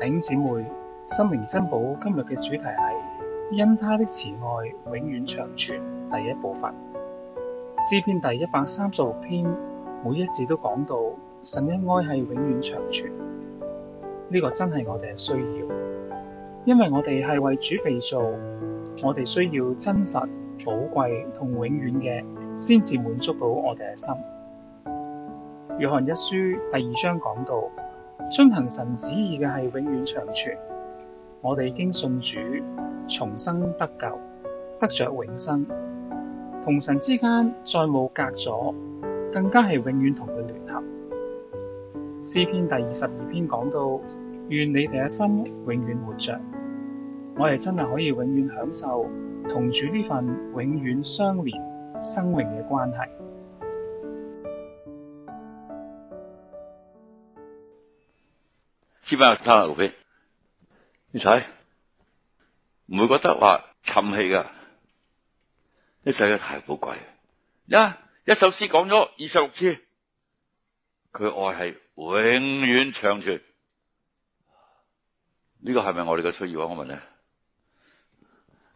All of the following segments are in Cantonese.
弟兄姊妹，心靈珍寶今日嘅主題係因他的慈愛永遠長存，第一部分。詩篇第一百三十六篇，每一字都講到神嘅愛係永遠長存，呢、這個真係我哋嘅需要，因為我哋係為主被造，我哋需要真實、寶貴同永遠嘅，先至滿足到我哋嘅心。約翰一書第二章講到。遵行神旨意嘅係永遠長存，我哋經信主重生得救，得着永生，同神之間再冇隔阻，更加係永遠同佢聯合。詩篇第二十二篇講到，願你哋嘅心永遠活着，我哋真係可以永遠享受同主呢份永遠相連生、生榮嘅關係。黐翻喺山頭飛，你睇唔會覺得話沉氣噶？呢世界太寶貴，一一首詩講咗二十六次，佢愛係永遠長存。呢個係咪我哋嘅需要？我問你，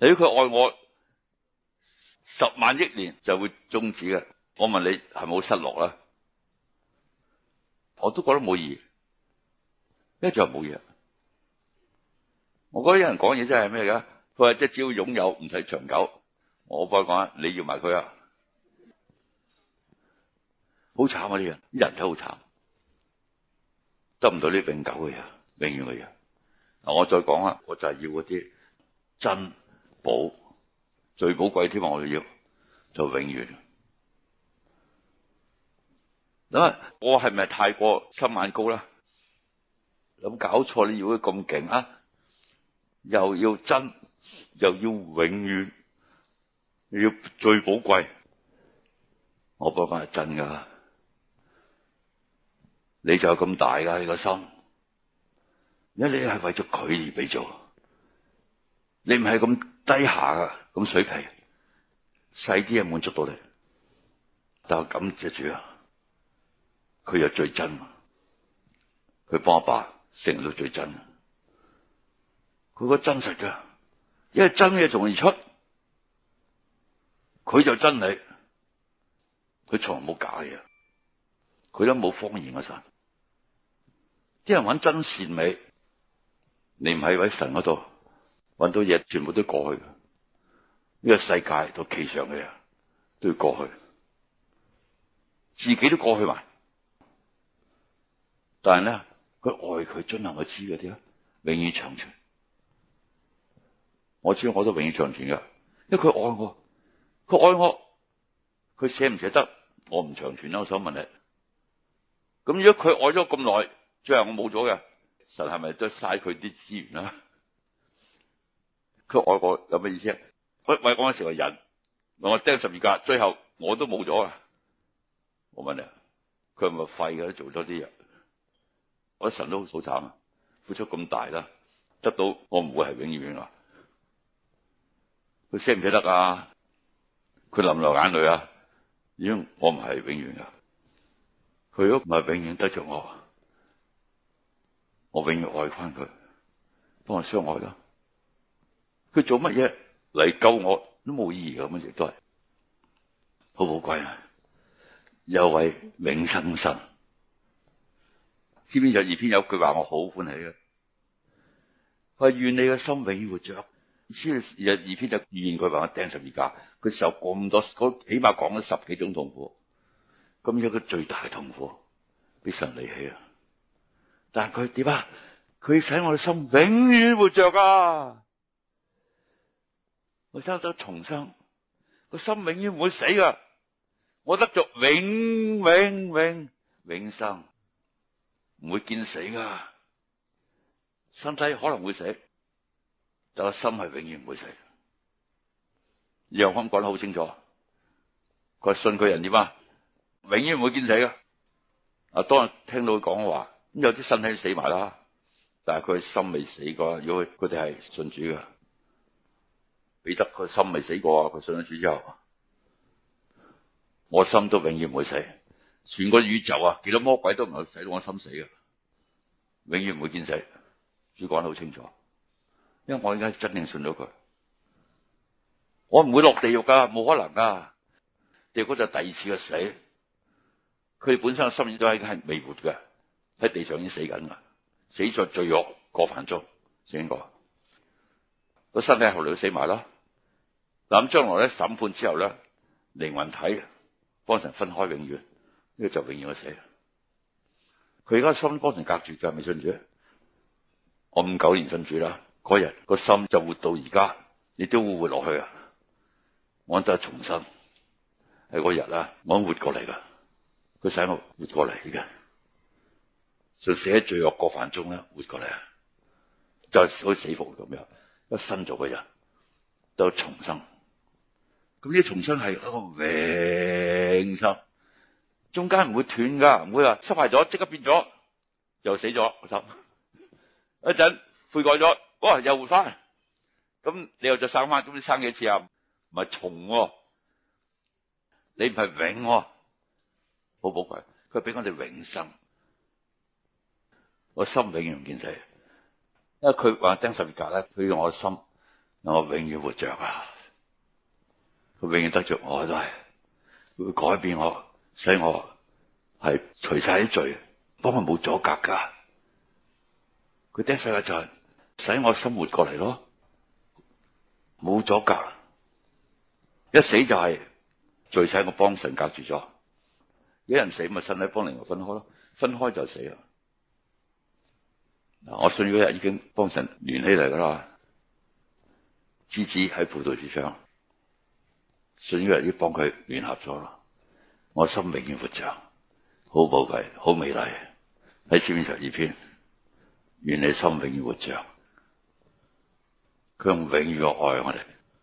誒，佢愛我十萬億年就會終止嘅，我問你係好失落啦？我都覺得冇意義。一再冇嘢，我覺得有人講嘢真係咩噶？佢話即係只要擁有，唔使長久。我幫你講你要埋佢啊，好慘啊啲人，啲人都好慘，得唔到啲永久嘅嘢，永遠嘅嘢。嗱，我再講啦，我就係要嗰啲真寶，最寶貴添啊！我就要就永遠。咁啊，我係咪太過心眼高啦？咁搞錯，你要佢咁勁啊？又要真，又要永遠，要最寶貴。我爸爸係真噶，你就咁大噶你個心，因為你而家你係為咗佢而俾咗。你唔係咁低下噶咁水皮，細啲嘢滿足到你，但係感謝主。啊，佢又最真，佢幫阿爸。成到最真，佢個真實噶，因為真嘢從而出，佢就真理，佢從冇假嘢，佢都冇謊言嘅神，啲人揾真善美，你唔喺位神嗰度揾到嘢，全部都過去，呢、這個世界都其上嘅，都要過去，自己都過去埋，但係咧。佢愛佢，進行佢知嗰啲啊，永遠長存。我知我都永遠長存嘅，因為佢愛我，佢愛我，佢捨唔捨得我唔長存啦。我想問你，咁如果佢愛咗咁耐，最後我冇咗嘅，實係咪都嘥佢啲資源啊？佢愛我有咩意思啊？喂喂，嗰陣時我忍，我釘十二格，最後我都冇咗啊！我問你，佢係咪廢嘅做咗啲人。我神都好慘啊！付出咁大啦，得到我唔會係永遠啊！佢捨唔捨得啊？佢流唔流眼淚啊？已經，我唔係永遠噶，佢都唔係永遠得着我，我永遠愛翻佢，幫我相愛咯！佢做乜嘢嚟救我都冇意義咁樣！亦都係好寶貴啊！有位永生神。知詩篇二十二篇有句話，我好歡喜嘅，係願你嘅心永遠活着。詩篇二十二篇就預言佢話釘十字架，佢受咁多，嗰起碼講咗十幾種痛苦。咁有個最大嘅痛苦，畀神離棄啊！但係佢點啊？佢使我嘅心永遠活着啊！我得到重生，個心永遠唔會死噶，我得咗永永永永生。唔會見死噶，身體可能會死，但係心係永遠唔會死。楊康講得好清楚，佢信佢人點啊？永遠唔會見死噶。啊，當人聽到佢講話，咁有啲身體死埋啦，但係佢心未死過。如果佢哋係信主嘅，彼得佢心未死過啊，佢信咗主之後，我心都永遠唔會死。全個宇宙啊，見到魔鬼都唔使我心死嘅，永遠唔會見死。主講得好清楚，因為我依家真正信咗佢，我唔會落地獄噶，冇可能噶。地獄就第二次嘅死，佢本身個心意都係依未活嘅，喺地上已經死緊噶，死在罪惡過犯中。整個個身體後嚟,都死埋啦。嗱，咁將來咧審判之後咧，靈魂體幫神分開永遠。呢個就永遠我死，佢而家心肝成隔絕㗎，咪信住？我五九年信主啦，嗰日個心就活到而家，亦都會活落去啊！我得重生喺嗰日啦，我活，我活過嚟噶，佢使我活過嚟嘅，就死喺罪惡過犯中啦，活過嚟啊！就好似死福咁樣，一新造嘅人都重生。咁呢？重生係一個永生。中間係唔會斷噶，唔會話失敗咗即刻變咗又死咗。一陣悔改咗，哇又活翻。咁你又再生翻，咁你生幾次啊？唔係重喎，你唔係永喎，好寶貴。佢俾我哋永生，我心永遠唔見死。因為佢話《釘十字架》咧，佢要我心，我永遠活着噶，佢永遠得着我都係，佢會改變我。使我係除晒啲罪，幫佢冇阻隔噶。佢跌晒就陣，使我生活過嚟咯，冇阻隔。一死就係、是、罪，使我幫神隔住咗。有人死咪身體幫靈魂分開咯，分開就死啦。嗱，我信嗰日已經幫神聯起嚟噶啦，枝子喺葡萄之上，信嗰日要幫佢聯合咗啦。我心永遠活着，好寶貴，好美麗。喺《詩篇二十二篇》，願你心永遠活着，佢永遠愛我哋。